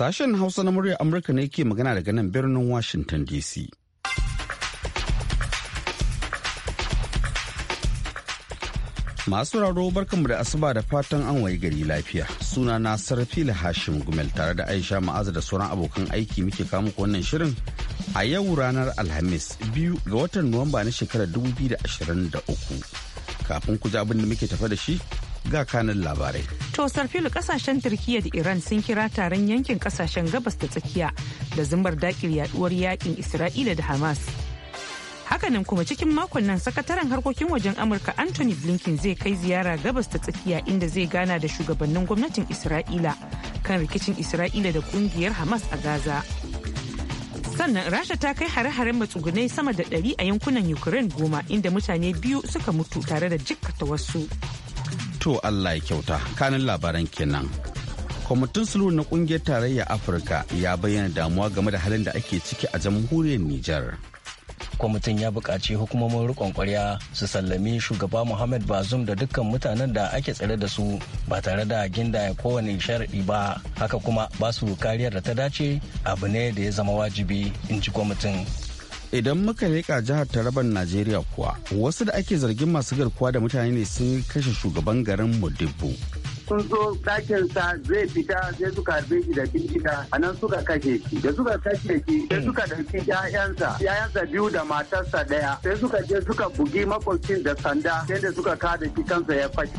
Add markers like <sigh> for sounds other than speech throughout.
Sashen Hausa na muryar Amurka ne ke magana daga nan birnin Washington DC. Masu raro barkanmu da asuba da fatan an wayi gari lafiya. Suna na Sarfila Hashim Gumel tare da Aisha Ma'aza da sauran abokan aiki muke kamu wannan shirin a yau ranar Alhamis biyu ga watan Nuwamba na shekarar 2023. Kafin ku ji abin da muke tafa da shi, ga kanin labarai. To sarfilu kasashen Turkiyya da Iran sun kira taron yankin kasashen gabas da tsakiya da zumbar dakil yaduwar yakin Isra'ila da Hamas. Hakanan kuma cikin makon nan sakataren harkokin wajen Amurka Anthony Blinken zai kai ziyara gabas da tsakiya inda zai gana da shugabannin gwamnatin Isra'ila kan rikicin Isra'ila da kungiyar Hamas a Gaza. sannan rasha ta kai hare-haren matsugunai sama da ɗari a yankunan ukraine goma inda mutane biyu suka mutu tare da jikkata wasu To Allah ya kyauta, kanin labaran kenan. Kwamitin sulhu na kungiyar tarayya Afirka ya bayyana damuwa game da halin da ake ciki a jamhuriyar Nijar. Kwamitin ya buƙaci hukumomin riƙon ƙwarya su sallami shugaba Muhammad Bazum da dukkan mutanen da ake tsare da su ba tare da ginda ya kowane sharaɗi ba, haka kuma ba su kariyar da ta dace abu ne da ya zama wajibi in ji kwamitin. Idan muka leƙa jihar Taraban Najeriya kuwa, wasu da ake zargin masu garkuwa da mutane ne sun kashe shugaban garin Modibo. sun zo ɗakinsa zai fita sai suka harbe shi da bindiga a nan suka kashe shi da suka kashe shi sai suka ɗauki ƴaƴansa ƴaƴansa biyu da matarsa ɗaya sai suka je suka bugi makwabcin da sanda sai da suka kada shi kansa ya fashi.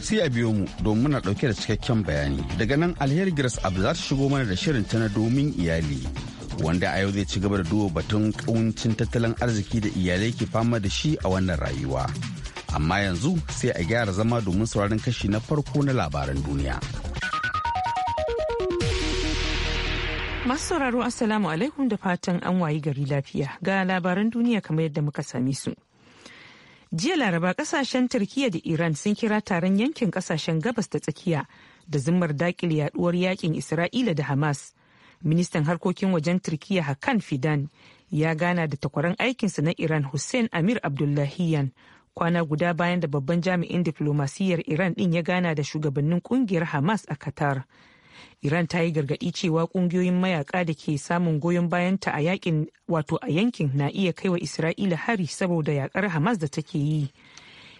sai a biyo mu domin muna ɗauke da cikakken bayani daga nan alheri grace abu za ta shigo mana da shirin ta na domin iyali wanda a yau zai ci gaba da duba batun ƙuncin tattalin arziki da iyalai ke fama da shi a wannan rayuwa. Amma yanzu sai a gyara zama domin sauraron kashi na farko na labaran duniya. Masu sauraro Assalamu alaikum da fatan an wayi gari lafiya ga labaran duniya kamar yadda muka same su. jiya laraba kasashen turkiyya da iran sun kira taron yankin kasashen gabas da tsakiya da zimmar dakile yaduwar yakin isra'ila da hamas ministan harkokin wajen turkiya hakan fidan ya gana da takwaran aikinsa na iran hussein amir abdullahiyan kwana guda bayan da babban jami'in diflomasiyyar iran din ya gana da shugabannin kungiyar hamas a qatar iran ta yi gargadi cewa kungiyoyin mayaka da ke samun goyon bayanta a yakin wato a yankin na iya kaiwa isra'ila hari saboda yakar hamas da take yi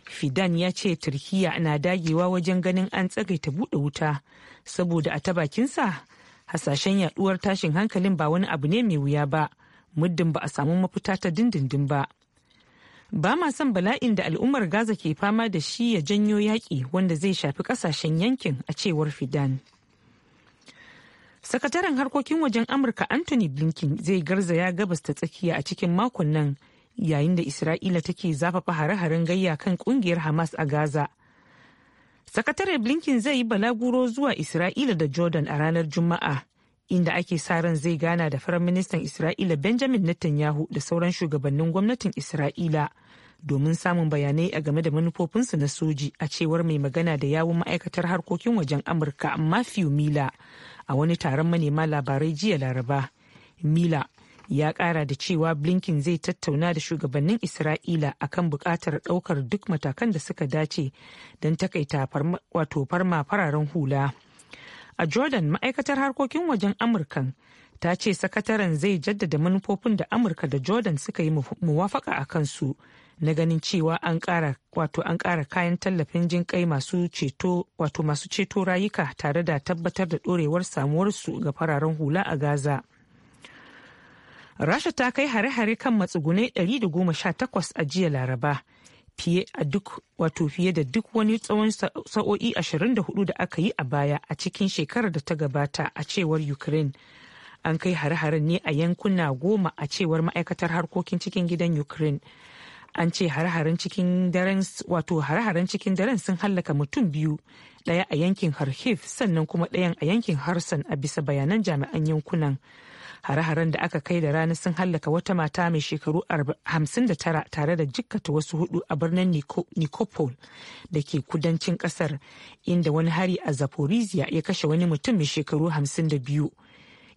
fidan ya ce turkiya na dagewa wajen ganin an tsagaita buɗe wuta saboda a ta bakinsa hasashen yaduwar tashin hankalin ba wani abu ne mai wuya ba muddin ba a samu mafita ta dindindin ba ba ma son bala'in da al'ummar gaza ke fama da shi ya janyo yaƙi wanda zai shafi ƙasashen yankin a cewar fidan sakataren harkokin wajen amurka anthony blinken zai garzaya gabas ta tsakiya a cikin makon nan yayin da isra'ila take zafafa hare-haren gayya kan ƙungiyar hamas a gaza sakatare blinken zai yi balaguro zuwa isra'ila da jordan a ranar juma'a inda ake sa ran zai gana da firaministan isra'ila benjamin netanyahu da sauran shugabannin gwamnatin isra'ila domin samun bayanai a game da manufofinsu na soji a cewar mai magana da yawun ma'aikatar harkokin wajen amurka matthew mila a wani taron manema labarai jiya laraba mila ya kara da cewa blinken zai tattauna da shugabannin isra'ila akan bukatar daukar duk matakan da suka dace don takaita wato farma fararen hula a jordan ma'aikatar harkokin wajen amurkan ta ce sakataren zai jaddada manufofin da amurka da jordan suka yi muwafaka a kansu na ganin cewa an kara wato an kara kayan tallafin jin kai masu ceto rayuka tare da tabbatar da ɗorewar samuwarsu ga fararen hula a gaza rasha ta kai hare-hare kan matsugunai 118 a jiya laraba fiye a duk wato fiye da duk wani tsawon sa'o'i 24 da aka yi a baya a cikin shekarar da ta gabata a cewar ukraine an kai hare-haren ne a yankuna goma a cewar ma'aikatar harkokin cikin gidan ukraine an ce hare-haren cikin daren wato hare-haren cikin daren sun hallaka mutum biyu ɗaya a yankin harkiv sannan kuma dayan a yankin harsan a bisa bayanan jami'an yankunan hare-haren da aka kai da rana sun hallaka wata mata mai shekaru 59 tare da jikkata wasu hudu a birnin nikopol da ke kudancin kasar inda wani hari a zaporizhia ya kashe wani mutum mai shekaru 52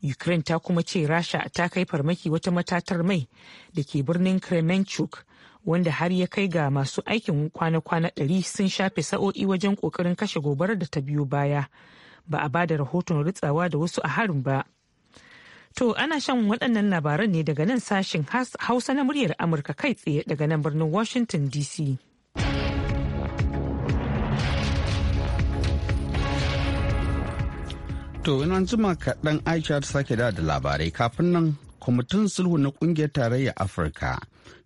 ukraine ta kuma ce rasha ta kai farmaki wata matatar mai da ke birnin kremenchuk wanda har ya kai ga masu aikin kwana-kwana 100 sun shafe sa'o'i wajen kokarin kashe gobarar da ta biyo baya ba a ba da rahoton ritsawa da wasu a harin ba To ana shan waɗannan labaran ne daga nan sashen Hausa na muryar Amurka kai tsaye daga nan birnin Washington DC. To ina jima kaɗan Aisha ta sake da labarai kafin nan kwamitin sulhu na ƙungiyar tarayyar Afirka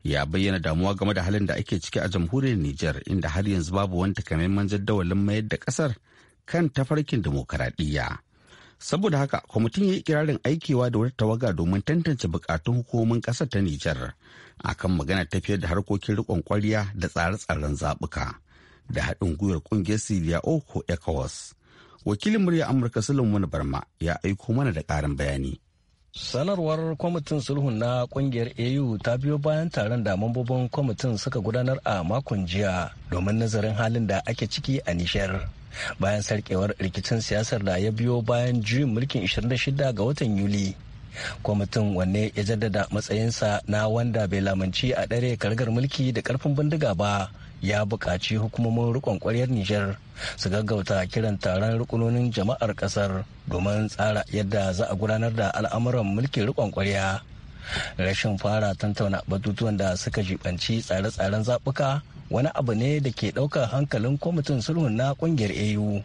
ya bayyana damuwa game da halin da ake ciki a jamhuriyar Nijar inda har yanzu babu wani takamaiman jaddawalin mayar da ƙasar kan tafarkin dimokuraɗiyya. saboda haka kwamitin ya yi kirarin aikewa da wata tawaga domin tantance bukatun hukumomin kasar ta nijar akan magana tafiyar da harkokin rikon kwariya da tsare-tsaren zabuka da haɗin gwiwar ƙungiyar siriya ko ecowas wakilin murya amurka sulaiman barma ya aiko mana da ƙarin bayani sanarwar kwamitin sulhun na kungiyar au ta biyo bayan taron da mambobin kwamitin suka gudanar a makon jiya domin nazarin halin da ake ciki a nishar bayan sarkewar rikicin siyasar da ya biyo bayan juyin mulkin 26 ga watan yuli kwamitin wanne ya jaddada matsayinsa na wanda bai lamanci a ɗare kargar mulki da karfin bindiga ba ya buƙaci hukumomin rikon ƙwaryar Nijar su gaggauta kiran taron rukunonin jama'ar ƙasar domin tsara yadda za a gudanar da al'amuran mulkin rikon kwarya Rashin fara tantauna batutuwan da suka jibanci tsare-tsaren zaɓuka wani abu ne da ke ɗaukar hankalin kwamitin sulhun na ƙungiyar AU.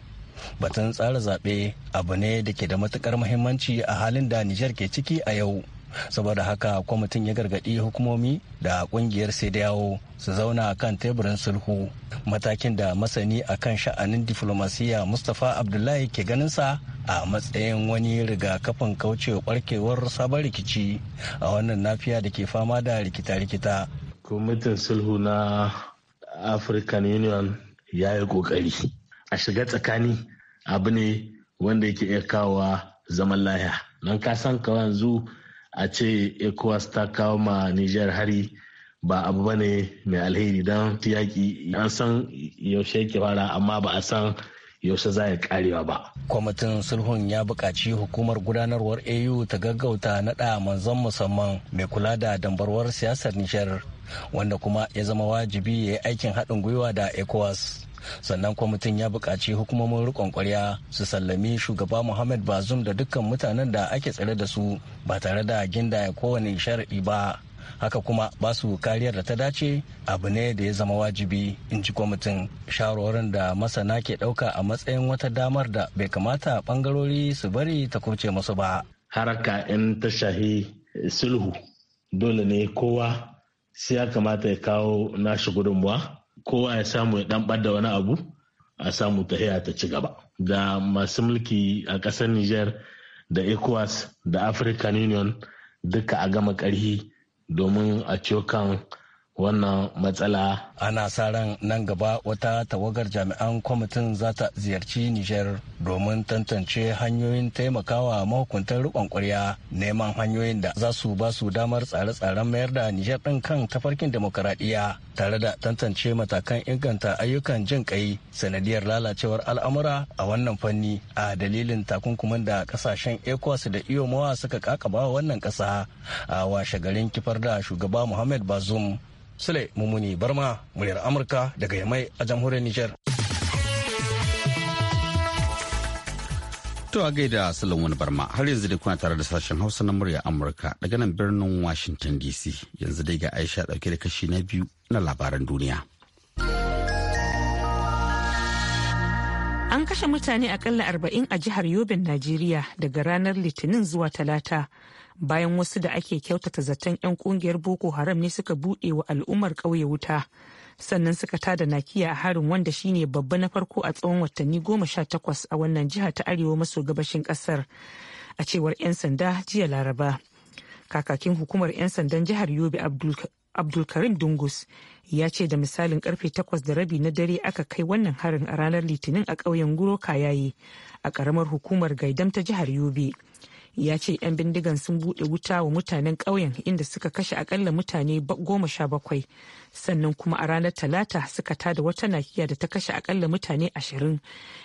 Batun tsara zaɓe abu ne da ke da matuƙar muhimmanci a halin da Nijar ke ciki a yau. saboda haka kwamitin ya gargaɗi hukumomi da ƙungiyar sai da yawo su zauna a kan teburin sulhu matakin da masani a kan sha'anin diflomasiyya mustapha abdullahi ke ganinsa a matsayin wani rigakafin kaucewa barkewar sabon rikici a wannan nafiya da ke fama da rikita-rikita kwamitin sulhu na african union ya yi kokari a shiga tsakani abu ne wanda yake iya kawo zaman lahiya nan ka san ka yanzu a ce ECOWAS ta kawo ma Nijar hari ba abu ba ne mai alheri don yaƙi an san yaushe ke fara amma ba a san yaushe za ya karewa ba. Kwamitin sulhun ya buƙaci hukumar gudanarwar AU ta gaggauta naɗa manzon musamman mai kula da dambarwar siyasar Nijar wanda kuma ya zama wajibi ya yi aikin haɗin gwiwa da ECOWAS. sannan kwamitin ya buƙaci hukumomin rikon ƙwarya su sallami shugaba muhammad bazum da dukkan mutanen da ake tsare da su ba tare da ginda gindaya kowane sharaɗi ba haka kuma ba su kariyar da ta dace abu ne da ya zama wajibi in ji kwamitin shawarwarin da masana ke ɗauka a matsayin wata damar da bai kamata bangarori su bari ta kuce masu ba haraka in ta shahi sulhu dole ne kowa sai ya kamata ya kawo nashi gudunmuwa kowa ya samu ya dan da wani abu a samu tahiya ta ci gaba da masu mulki a ƙasar niger da ecowas da african union duka a gama ƙarhi domin a ciyo wannan matsala. Ana sa ran nan gaba wata tawagar jami'an kwamitin za ta ziyarci Nijar domin tantance hanyoyin taimakawa mahukuntar rikon ƙwarya neman hanyoyin da za su ba su damar tsare-tsaren mayar da Nijar ɗin kan tafarkin demokaradiyya tare da tantance matakan inganta ayyukan jin kai sanadiyar lalacewar al'amura a wannan fanni a dalilin takunkumin da kasashen ECOWAS da iyomawa e suka kakaba wannan ƙasa a washe garin kifar da shugaba Muhammad Bazoum Sule Mumuni Barma, muryar Amurka daga Yamai a jamhuriyar Nijar. To a gaida Sule wani Barma, har yanzu dai kuna tare da sashen Hausa na muryar Amurka daga nan birnin Washington DC. Yanzu dai ga Aisha dauke da kashi na biyu na labaran duniya. An kashe mutane akalla arba'in a jihar Yobin, Najeriya daga ranar Litinin zuwa Talata bayan wasu da ake kyautata zaton 'yan kungiyar boko haram ne suka buɗe wa al'ummar ƙauye wuta sannan suka tada nakiya a harin wanda shine babba na farko a tsawon watanni goma sha takwas a wannan jiha ta arewa maso gabashin ƙasar a cewar 'yan sanda jiya laraba kakakin hukumar 'yan sandan jihar yobe abdulkarim dungus ya ce da misalin karfe takwas da rabi na dare aka kai wannan harin a ranar litinin a ƙauyen guro kayaye a ƙaramar hukumar gaidam ta jihar yobe ya ce 'yan bindigan sun bude wuta wa mutanen ƙauyen inda suka kashe akalla mutane goma sha bakwai sannan kuma a ranar talata suka tada wata nakiya da ta kashe akalla mutane ashirin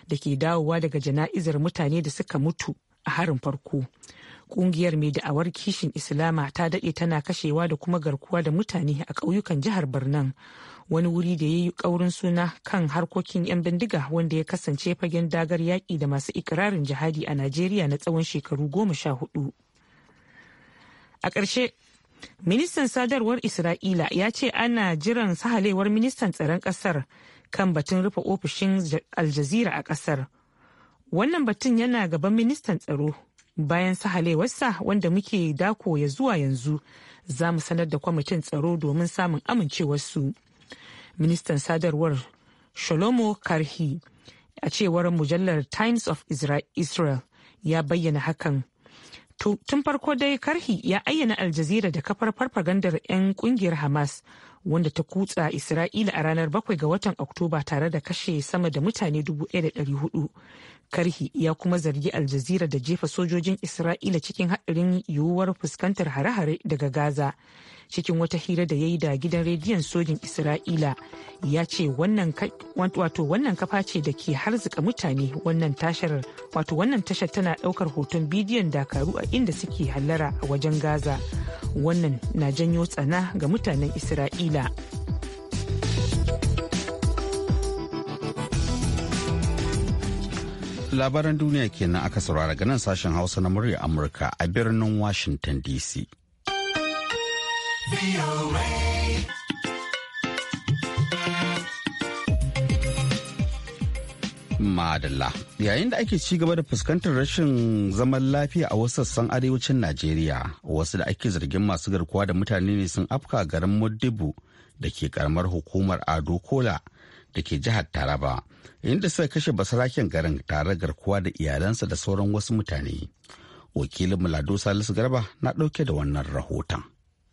da ke dawowa daga jana'izar mutane da suka mutu a harin farko kungiyar mai da'awar kishin islama ta daɗe tana kashewa da kuma garkuwa da mutane a ƙauyukan jihar birnin wani wuri da ya yi ƙaurin suna kan harkokin 'yan bindiga wanda ya kasance fagen dagar yaƙi da masu ikirarin jihadi a najeriya na tsawon shekaru goma sha hudu a ƙarshe ministan sadarwar isra'ila ya ce ana jiran sahalewar ministan tsaron ƙasar kan batun rufe ofishin aljazira a ƙasar wannan batun yana gaban ministan tsaro bayan sahalewarsa wanda muke dako ya zuwa yanzu za mu sanar da kwamitin tsaro domin samun amincewarsu. su ministan sadarwar shalomo karhi a cewar mujallar times of israel ya bayyana hakan tun farko dai karhi ya ayyana aljazira da kafar farfagandar 'yan kungiyar hamas wanda ta kutsa isra'ila a ranar 7 ga watan oktoba tare da kashe sama da mutane 1,400 karhi ya kuma zargi aljazira da jefa sojojin isra'ila cikin haɗarin yiwuwar fuskantar hare-hare daga gaza cikin wata hira da ya yi da gidan rediyon sojin isra'ila ya ce wannan kafa ce da ke harzika mutane wannan tashar wato wannan tashar tana ɗaukar hoton bidiyon dakaru a inda suke hallara a wajen gaza wannan na janyo tsana ga mutanen isra'ila labaran duniya kenan aka saurara ganin sashen hausa na murya amurka a birnin washington dc madalla yayin da ake ci gaba da fuskantar rashin zaman lafiya a wasu sassan arewacin najeriya wasu da ake zargin masu garkuwa da mutane ne sun afka garin modibu da ke karamar hukumar ado kola da ke jihar Taraba, inda suka kashe basarakin garin tare garkuwa da iyalansa da sauran wasu mutane. Wakilin mul'adu Salisu Garba na ɗauke da wannan rahoton.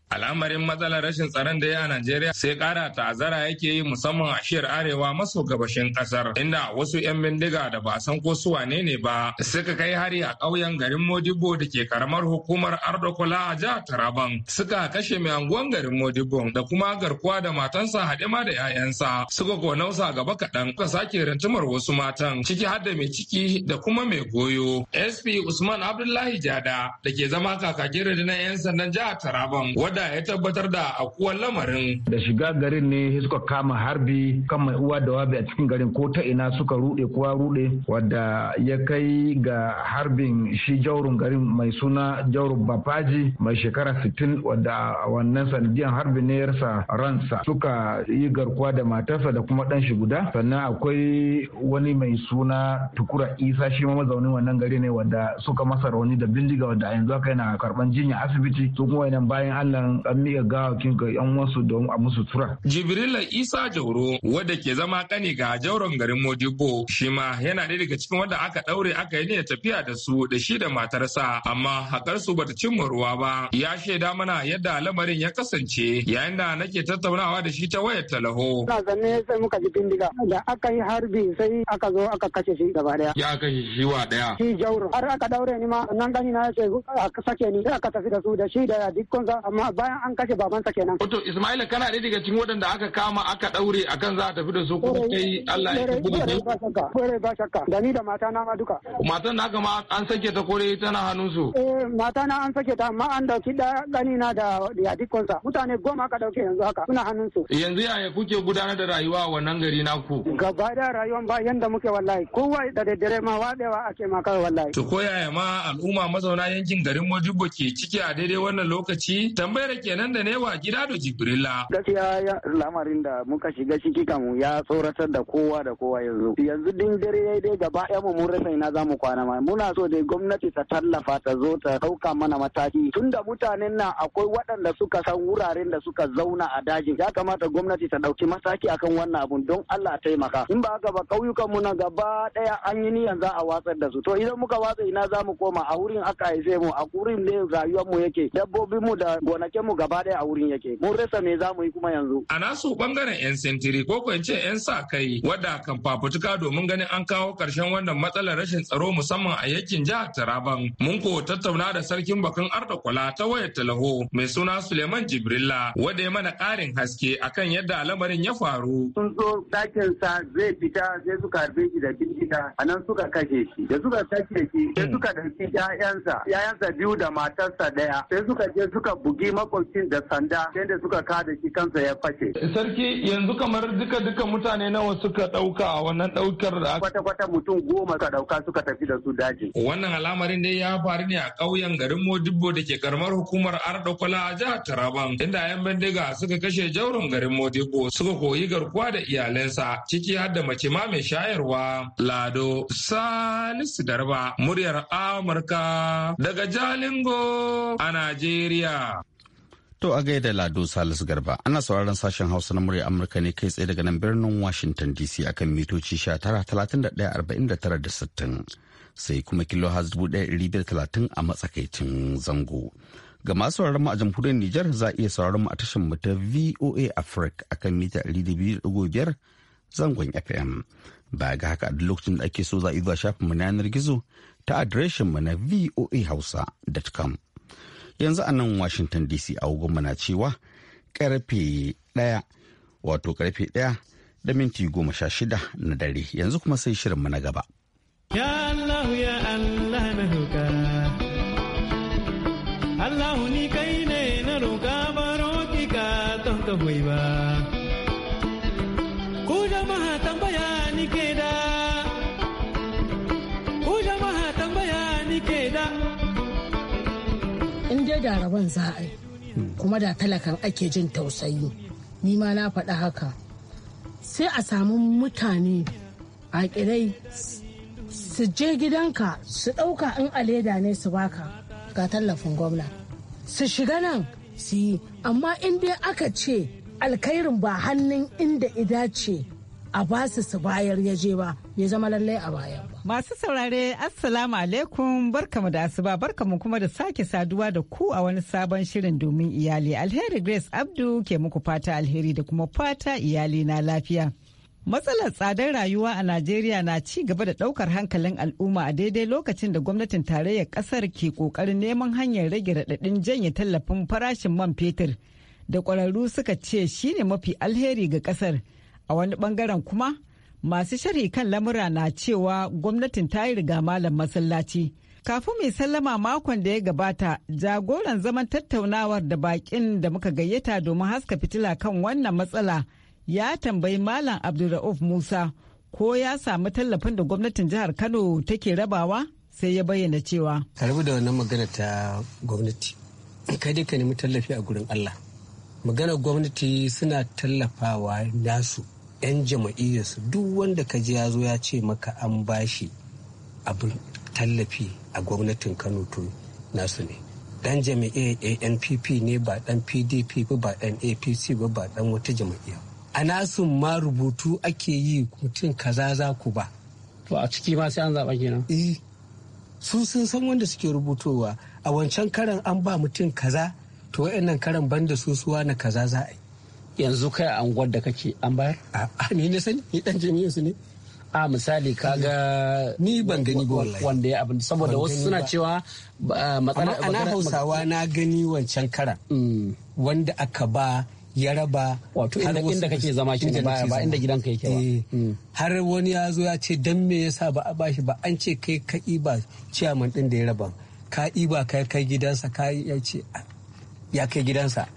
Al'amarin matsalar rashin tsaron da ya a Najeriya sai kara ta'azara yake yi musamman a shiyar arewa maso gabashin kasar inda wasu 'yan bindiga da ba a san ko su wane ne ba suka kai hari a ƙauyen garin Modibo da ke karamar hukumar Ardokola a jihar Taraban suka kashe mai anguwan garin Modibo da kuma garkuwa da matansa Hadima da 'ya'yansa suka konausa gaba kaɗan suka sake rantumar wasu matan ciki har da mai ciki da kuma mai goyo. SP Usman Abdullahi Jada da ke zama kakakin rundunar 'yan sandan jihar Taraban da ya tabbatar da akuwar lamarin. Da shiga garin ne suka kama harbi kan mai uwa da wabi a cikin garin ko ta ina suka rude kuwa rude wadda ya kai ga harbin shi jaurin garin mai suna jaurin bafaji mai shekara 60 wadda wannan sanadiyar harbin ne yarsa ransa suka yi garkuwa da matarsa da kuma dan shi guda sannan akwai wani mai suna tukura isa shi ma mazaunin wannan gari ne wadda suka masa rauni da bindiga wadda yanzu aka yana karban jinya asibiti su kuma bayan allah nan an miƙa gawakin ga yan wasu don a musu tura. Jibrila Isa Jauro wadda ke zama kani ga jauron garin Modibo shi ma yana ɗaya daga cikin wanda aka ɗaure aka yi ne tafiya da su da shi da matarsa amma hakar su bata cimma ruwa ba ya shaida mana yadda lamarin ya kasance yayin da nake tattaunawa da shi ta wayar talaho. Ina zanne sai muka ji bindiga da aka yi harbi sai aka zo aka kashe shi gaba daya. Ya kashe shi wa daya. Shi jauro har aka daure ni ma nan gani na ya ce a sake ni sai aka tafi da su da shi da dukkan amma bayan an kashe babansa kenan. Wato Ismaila kana ɗaya daga cikin waɗanda aka kama aka ɗaure akan za a tafi da su kuma kai eh, Allah ya tafi da su. Eh, eh, kore ba shakka da ni da mata na ma duka. Matan na gama an sake ta kore tana hannun su. Eh mata na an sake ta amma an dauki ɗani na da yadikonsa mutane goma aka ɗauke yanzu haka suna hannun su. Yanzu yaya kuke gudanar da rayuwa a wannan gari naku? Gaba da rayuwan ba yanda muke wallahi kowa da daddare ma waɗewa ake ma kawai wallahi. To ko yaya ma al'umma mazauna yankin garin Mojibo ke ciki a daidai wannan lokaci? Tambayar Abubakar kenan da ne wa gida da Jibrila. Gaskiya lamarin da muka shiga ciki kamu ya tsoratar da kowa da kowa yanzu. Yanzu din dare ya dai gaba ya mu mun rasa ina zamu kwana ma. Muna so dai gwamnati ta tallafa ta zo ta dauka mana mataki. Tunda mutanen nan akwai waɗanda suka san wuraren da suka zauna a dajin. Ya kamata gwamnati ta dauki mataki akan wannan abun don Allah taimaka. In ba haka ba kauyukan mu na gaba ɗaya an yi niyan za a watsar da su. To idan muka watsa ina zamu koma a wurin aka haife mu a wurin ne rayuwar mu yake. Dabbobin mu da gonakin koke mu gaba ɗaya a wurin yake mun rasa me za mu yi kuma yanzu a nasu ɓangaren yan sentiri ko ko ce yan sa kai wadda kan fafutuka domin ganin an kawo karshen wannan matsalar rashin tsaro musamman a yankin jihar Taraban mun ko tattauna da sarkin bakan kwala ta wayar talaho mai suna Suleiman Jibrilla wadda ya mana ƙarin haske akan yadda lamarin ya faru sun zo dakin sa zai fita sai suka harbe shi da bindiga a nan suka kashe shi da suka kashe shi sai suka ɗauki 'ya'yansa 'ya'yansa biyu da matarsa daya sai suka je suka bugi makwabcin da sanda yadda suka kada shi kansa ya fashe. Sarki yanzu kamar duka duka mutane nawa suka ɗauka a wannan ɗaukar da kwata kwata mutum goma suka ɗauka suka tafi da su daji. Wannan al'amarin ya faru ne a ƙauyen garin Modibo da ke karamar hukumar Ardokola a jihar Taraban inda 'yan bindiga suka kashe jaurin garin Modibbo suka koyi garkuwa da iyalansa ciki har da mace ma mai shayarwa. Lado Salisu Darba muryar Amurka daga Jalingo a Najeriya. To a gaida Lado Salisu Garba ana sauraron sashen Hausa na murya Amurka ne kai tsaye daga nan birnin Washington DC akan mitoci 19,31,49,60 sai kuma kilo has 1,530 a matsakaicin zango. Ga masu sauraron mu a jamhuriyar Nijar za a iya sauraron mu a tashar mu ta VOA Africa akan mita 200.5 zangon FM. Ba ga haka a duk lokacin da ake so za a yi zuwa shafin mu na yanar gizo ta adireshin mu na voahausa.com. yanzu a nan washington dc a na cewa karfe ɗaya wato karfe ɗaya da minti goma sha shida na dare yanzu kuma sai shirinmu na gaba ya allah ya allah na ni kai ne na roka baro ki ka don ka ba rabon za a yi kuma da talakan ake jin tausayi ni ma na faɗi haka sai a samu mutane a ƙirai su je gidanka su ɗauka in a leda ne su baka ga tallafin gwamna su shiga nan su yi amma in dai aka ce alkairin ba hannun inda ida ce a basu su bayar ya je ba ya zama lallai a bayan ba Masu saurare Assalamu alaikum barkamu da asuba barkamu kuma da sake saduwa da ku a wani sabon shirin domin iyali. Alheri Grace Abdu ke muku fata alheri da kuma fata iyali na lafiya. Matsalar tsadar rayuwa a Najeriya na ci gaba da ɗaukar hankalin al'umma a daidai lokacin da gwamnatin tarayyar ƙasar ke ƙoƙarin neman hanyar rage raɗaɗin janye tallafin farashin man fetur da ƙwararru suka ce shine mafi alheri ga ƙasar. A wani ɓangaren kuma masu sharhi kan lamura na cewa gwamnatin ta yi riga malam masallaci kafin mai sallama makon da ya gabata jagoran zaman tattaunawar da bakin da muka gayyata domin haska fitila kan wannan matsala ya tambayi malam abdulra'uf musa ko ya samu tallafin da gwamnatin jihar kano take rabawa sai ya bayyana cewa karbi da wannan magana ta gwamnati kai dai ka nemi tallafi a gurin allah maganar gwamnati suna tallafawa nasu 'yan jama'iyyarsu duk wanda ka ji ya zo ya ce maka an bashi abin tallafi a gwamnatin kano to nasu ne dan jami'a anpp ne ba dan pdp ba ba dan apc ba ba dan wata jama'iya a nasun ma rubutu ake yi mutum kaza za ku ba to a ciki ma sai an zaɓa kenan eh su sun san wanda suke rubutowa a wancan karan an ba mutum kaza to wa'annan karan banda su suwa na kaza za a yi yanzu kai a unguwar da kake an bayar a me ne sani ni dan jami'in su ne a misali kaga ni ban gani wallahi wanda ya abin saboda wasu suna cewa matsala na hausawa na gani wancan kara mm. wanda aka ba ya raba wato inda kake zama shi ba ba inda gidanka yake ba eh, mm. har wani ya zo ya ce dan me yasa ba a bashi ba an ce kai ka iba ciyaman din da ya raba ka iba kai kai gidansa ka ya ce ah, ya kai gidansa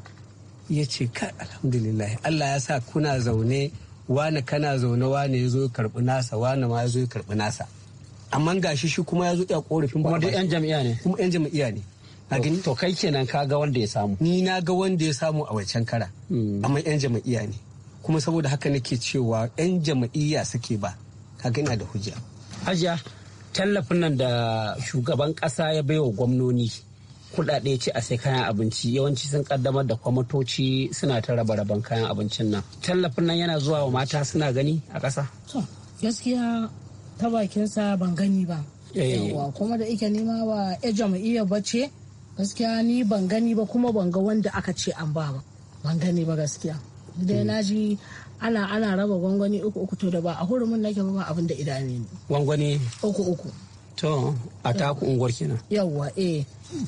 ya ce ka alhamdulillah Allah ya sa kuna zaune wani kana zaune wani ya zo karɓi nasa wani ma ya zo karɓi nasa amma ga shi shi kuma ya zo ya korafin kuma yan jami'a ne kuma yan jami'a ne a gani to kai kenan ka ga wanda ya samu ni na ga wanda ya samu a wancan kara hmm. amma yan jami'a ne kuma saboda haka nake cewa yan jami'a suke ba ka gina da hujja hajiya tallafin nan da shugaban kasa ya baiwa gwamnoni kuɗaɗe ce a sai kayan abinci yawanci sun kaddamar da kwamatoci suna ta raba raban kayan abincin nan tallafin nan yana zuwa wa mata suna gani a ƙasa gaskiya ta bakin sa ban gani ba eh. yawa kuma da ike nema ba ya jam'iyyar bace gaskiya ni ban gani ba kuma ban ga wanda aka ce an ba ba ban gani ba gaskiya dai hmm. na ji ana ana raba gwangwani uku uku to da ba a hurumin nake ba abin da idane ne gwangwani uku uku To, a taku unguwar kenan. Yawwa, eh.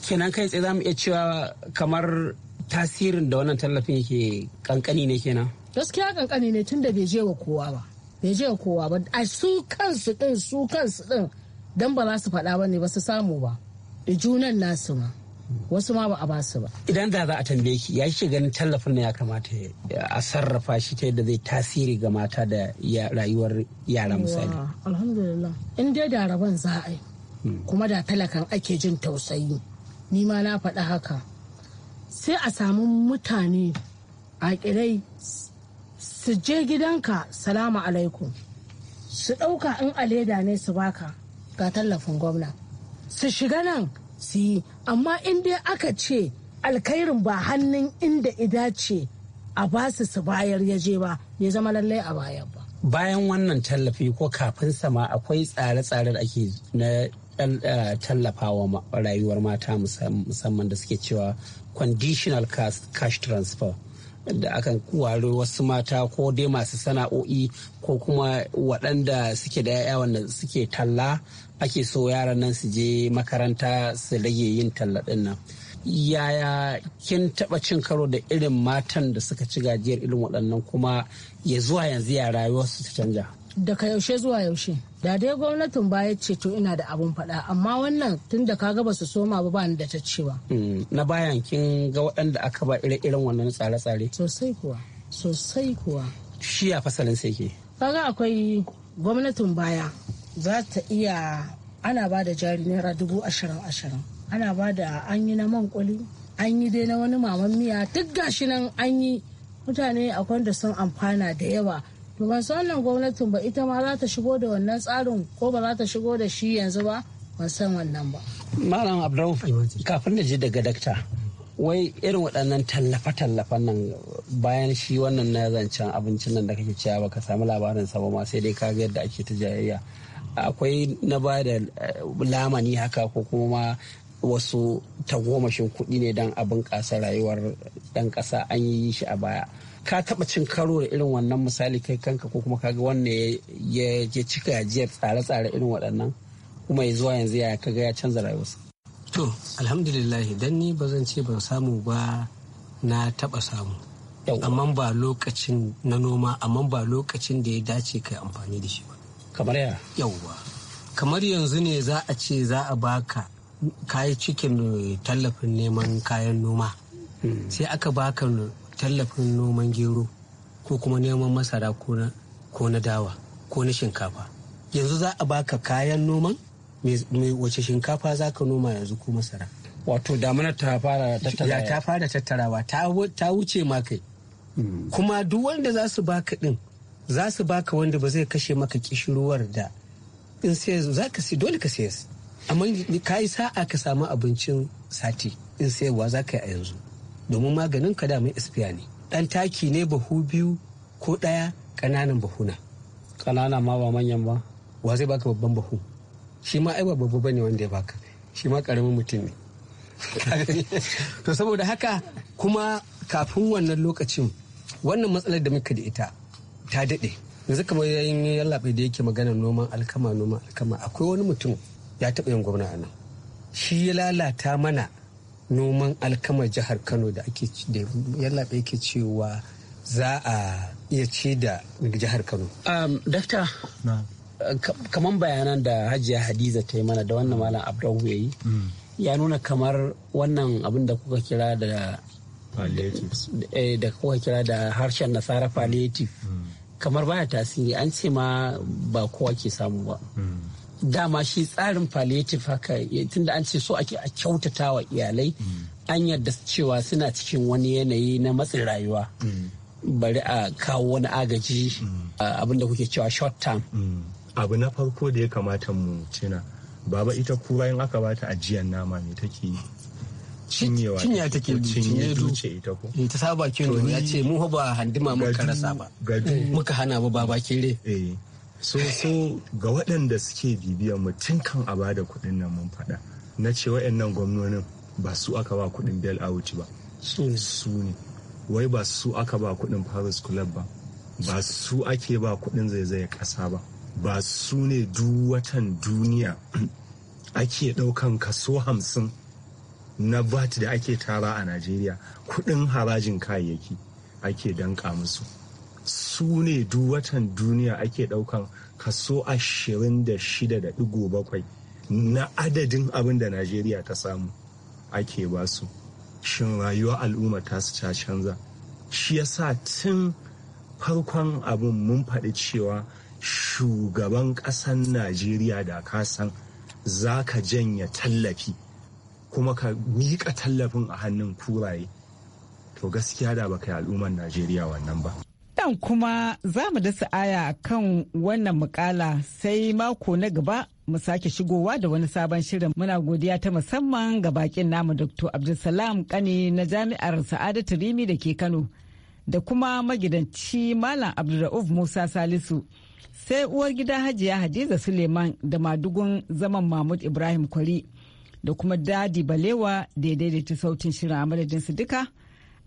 Kenan kai tsaye za iya cewa kamar tasirin da wannan tallafin yake kankani ne kenan. Gaskiya kankani ne tunda bai je wa kowa ba. Bai je wa kowa ba. A su kansu din su kansu din dan ba za su faɗa ba ne ba su samu ba. junan nasu ma. wasu ma ba a basu ba. Idan da za a tambaye ki ya shi ganin tallafin ya kamata a sarrafa shi ta yadda zai tasiri ga mata da rayuwar yara misali. Alhamdulillah in dai da rabon za a yi hmm. kuma da talakan ake jin tausayi ni ma na faɗi haka sai a samu mutane a kirai su je gidanka salamu alaikum su ɗauka in a leda ne su baka ga tallafin gwamna su shiga nan su yi amma in dai aka ce alkairin ba hannun inda ida ce a basu su bayar ya je ba ya zama lallai a bayar ba bayan wannan tallafi ko kafin sama akwai tsare-tsare da ake na eh, tallafawa rayuwar mata musamman da suke cewa conditional cash transfer da akan ware wasu mata ko dai masu sana'o'i ko kuma waɗanda suke da 'ya'ya wanda suke talla ake so yaran nan su je makaranta su rage yin tallaɗin nan yaya kin taɓa cin karo da irin matan da suka ci gajiyar irin waɗannan kuma ya zuwa yanzu ya su ta canja daga yaushe zuwa yaushe da dai gwamnatin baya ce to ina da abun faɗa amma wannan tun da kaga ba su soma ba ba da ta cewa mm, na bayan kin ga waɗanda aka ba ire irin wannan tsare-tsare sosai kuwa sosai kuwa shi ya fasalin sai ke kaga akwai gwamnatin baya za ta iya ana ba da jari naira dubu ashirin ashirin ana ba da an yi na man kuli an yi dai na wani maman miya duk gashi nan an yi mutane akwai da sun amfana da yawa to ban san wannan gwamnatin ba ita ma za ta shigo da wannan tsarin ko ba za ta shigo da shi yanzu ba ban san wannan ba malam abdul kafin da ji daga dakta wai irin waɗannan tallafe tallafan nan bayan shi wannan na zancen abincin nan da kake cewa ka samu labarin sa ba ma sai dai ka ga yadda ake ta jayayya akwai na ba da eh, lamani haka ko kuma wasu tagomashin kuɗi ne don abin ƙasa rayuwar ɗan ƙasa an yi shi a baya ka taɓa cin karo da irin wannan misali kai kanka ko kuma kaga wannan ya cika ajiyar tsare-tsare irin waɗannan kuma ya zuwa yanzu ya kaga ya canza rayuwarsa to alhamdulillah dan ni ba zan ce ban samu ba na taɓa samu amma ba lokacin na noma amma ba lokacin da ya dace kai amfani da shi kamar ya yauwa kamar yanzu ne za a ce za a baka kayi cikin tallafin neman kayan noma hmm. sai aka baka tallafin noman gero ko kuma neman masara ko na dawa ko na shinkafa yanzu za a baka kayan noman wace shinkafa za ka noma yanzu ko masara wato damuna ta fara tattarawa ta fara tattarawa ta wuce ma kai hmm. kuma duk wanda za su baka din za su baka wanda ba zai kashe maka kishirwar da in sai za ka si dole ka sayas amma ka yi sa'a ka samu abincin sati in sayarwa za ka yi a yanzu domin maganin ka damun espiya ne dan taki ne bahu biyu ko daya kananan bahuna kanana ma ba manyan ba wa zai baka babban bahu shi ma ai ba babba bane wanda ya baka shi ma ƙaramin mutum ne <laughs> to saboda haka kuma kafin wannan lokacin wannan matsalar da muka da ita ta daɗe yanzu kamar yayin yallaɓe da yake magana noman alkama noman alkama akwai wani mutum ya taɓa yin gwamna a nan shi ya lalata mana noman alkama jihar kano da ake yallaɓe yake cewa za a iya ci da jihar kano um, dafta kamar bayanan da hajiya hadiza ta yi mana da wannan malam abdullahi ya yi hmm. ya nuna kamar wannan abin da kuka kira da eh, da kuka kira da harshen nasara palliative hmm. kamar baya tasiri an ce ma ba kowa ke samu ba dama shi tsarin palliative haka tunda an ce so ake a kyautata wa iyalai an yarda cewa suna cikin wani yanayi na matsin rayuwa bari a kawo wani agaji abinda kuke cewa short term abu na farko da ya kamata mu cina baba ita kura in aka bata ajiyar nama ne take cinya take cinye duce ita ko eh, ta saba nuna ya ce mu ba handima mun karasa ba eh, muka hana ba baba kire eh, so so ga waɗanda suke bibiyan mu tun kan a bada kuɗin nan mun faɗa na ce waɗannan gwamnonin ba su aka ba kuɗin bel out ba su ne wai ba su aka ba kuɗin paris club ba ba su ake ba kuɗin zaizayar ƙasa ba ba su ne duk watan duniya <clears throat> ake ɗaukan kaso hamsin na bat da ake tara a Najeriya kudin harajin kayayyaki ake danka musu. Su ne duk watan duniya ake ɗaukan kaso 26.7 na adadin abin da Najeriya ta samu ake ba su. Shin rayuwar al'umma ta su ta canza. Shi yasa tun farkon abin mun faɗi cewa shugaban ƙasan Najeriya da kasan za ka janya tallafi kuma ka miƙa tallafin a hannun kuraye to gaskiya da baka yi al'ummar najeriya wannan ba dan kuma za mu dasa aya kan wannan mukala sai mako na gaba mu sake shigowa da wani sabon shirin muna godiya ta musamman ga bakin namu dr abdulsalam kane na jami'ar sa'adatu rimi da ke kano da kuma magidanci malam abdulrauf musa salisu sai uwar gida hajiya hadiza suleiman da madugun zaman mahmud ibrahim kwari da kuma dadi balewa da ya daidaita sautin shirin a madadinsu duka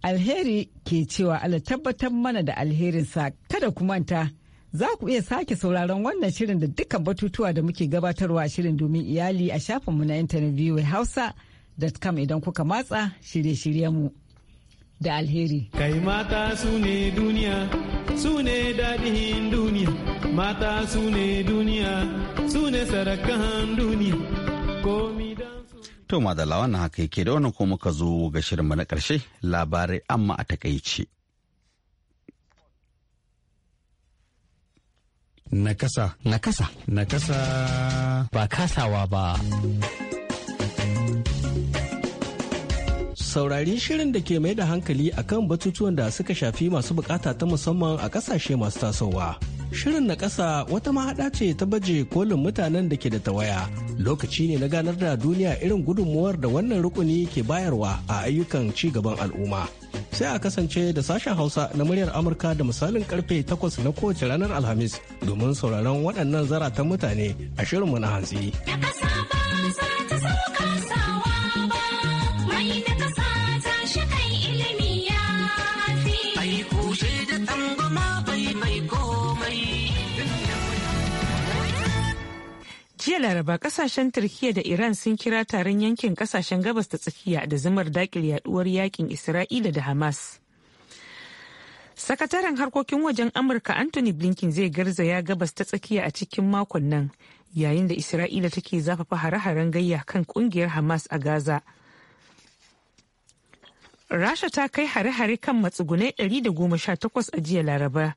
alheri ke cewa ala tabbatar mana da alherinsa kada ku manta za ku iya sake sauraron wannan shirin da dukkan batutuwa da muke gabatarwa a shirin domin iyali a shafinmu na intanet hausa.com idan kuka matsa shirye-shiryenmu da alheri kai mata su ne To lawan na haka yake da wannan ko muka zo ga shirinmu na ƙarshe labarai amma a takaice. Nakasa. Nakasa. Nakasa. Ba kasawa ba. Saurari shirin da ke mai da hankali akan batutuwan da suka shafi masu bukata ta musamman a ƙasashe masu tasowa. Shirin na ƙasa wata mahaɗa ce ta baje kolin mutanen da ke da tawaya. Lokaci ne na ganar da duniya irin gudunmuwar da wannan rukuni ke bayarwa a ayyukan ci gaban al'umma. Sai a kasance da sashen Hausa na muryar Amurka da misalin karfe takwas na kowace ranar Alhamis domin sauraron waɗannan zaratan mutane a shirin mu na hantsi. jiya laraba kasashen turkiya da iran sun kira taron yankin kasashen gabas ta tsakiya da zumar dakil yaduwar yakin isra'ila da hamas sakataren harkokin wajen amurka anthony blinken zai garzaya gabas ta tsakiya a cikin makon nan yayin da isra'ila take zafafa hare-haren gayya kan kungiyar hamas a gaza Rasha ta kai hare-hare kan matsugunai 118 a jiya Laraba,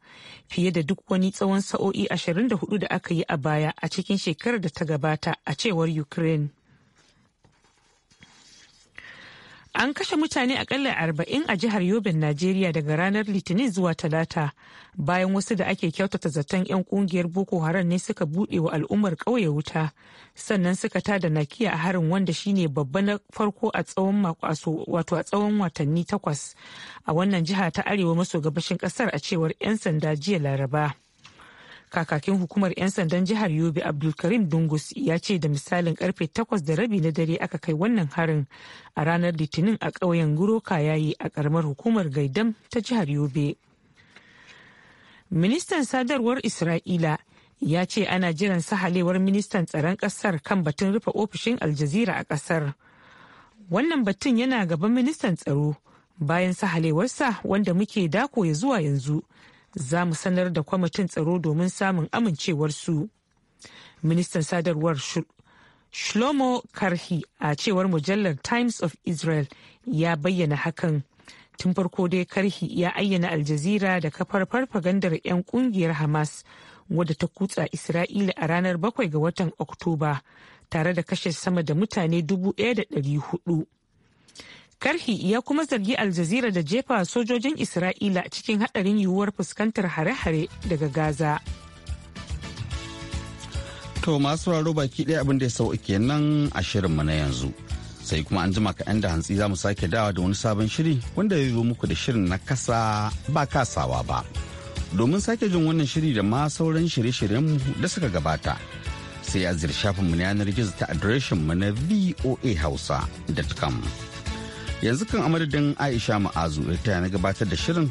fiye da duk wani tsawon sa'o'i 24 da aka yi a baya a cikin shekarar da ta gabata a cewar Ukraine. An kashe mutane akalla arba'in a jihar Yobin Najeriya daga ranar Litinin zuwa Talata bayan wasu da ake kyautata zaton 'yan kungiyar Boko Haram ne suka buɗe wa al'ummar ƙauye wuta sannan suka tada nakiya a harin wanda shine babba na farko a tsawon wato a tsawon watanni takwas a wannan jiha ta arewa maso gabashin ƙasar a cewar 'yan sanda jiya Laraba. kakakin hukumar 'yan sandan jihar yobe abdulkarim dungus ya ce da misalin karfe takwas da rabi na dare aka kai wannan harin a ranar litinin a ƙauyen guroka yayi a ƙaramar hukumar gaidam ta jihar yobe ministan sadarwar isra'ila ya ce ana jiran sahalewar ministan tsaron ƙasar kan batun rufe ofishin aljazira a ƙasar wannan batun yana gaban ministan tsaro bayan sahalewarsa wanda muke dako ya zuwa yanzu za mu sanar da kwamitin tsaro domin samun amincewarsu ministan sadarwar shlomo karhi a cewar mujallar times of israel ya bayyana hakan tun farko dai karhi ya ayyana aljazira da kafar farfagandar 'yan kungiyar hamas wadda ta kutsa isra'ila a ranar bakwai ga watan oktoba tare da kashe sama da mutane dubu da 1,400 Karhi ya kuma zargi Aljazira da jefa sojojin Isra'ila cikin haɗarin yiwuwar fuskantar hare-hare daga Gaza. To masu raro baki ɗaya abin da ya sau nan a shirinmu na yanzu. Sai kuma an jima kaɗan da hantsi za mu sake dawa da wani sabon shiri wanda ya zo muku da shirin na kasa ba kasawa ba. Domin sake jin wannan shiri da ma sauran shirye-shiryenmu da suka gabata. Sai a ziyar shafinmu na yanar gizo ta adireshinmu na voa hausa.com. yanzu kan amadadin aisha ma'azu da ta na gabatar da shirin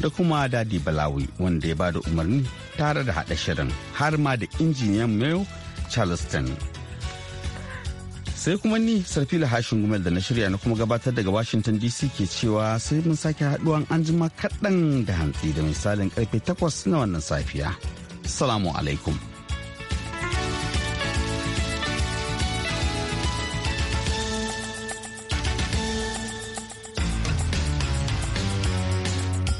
da kuma dadi balawi wanda ya bada umarni tare da haɗa shirin har ma da injiniyan mayo charleston sai kuma ni sarfila hashin gumel da na shirya na kuma gabatar daga washington dc ke cewa sai mun sake haɗuwan an jima kaɗan da hantsi da misalin karfe 8 na wannan safiya salamu alaikum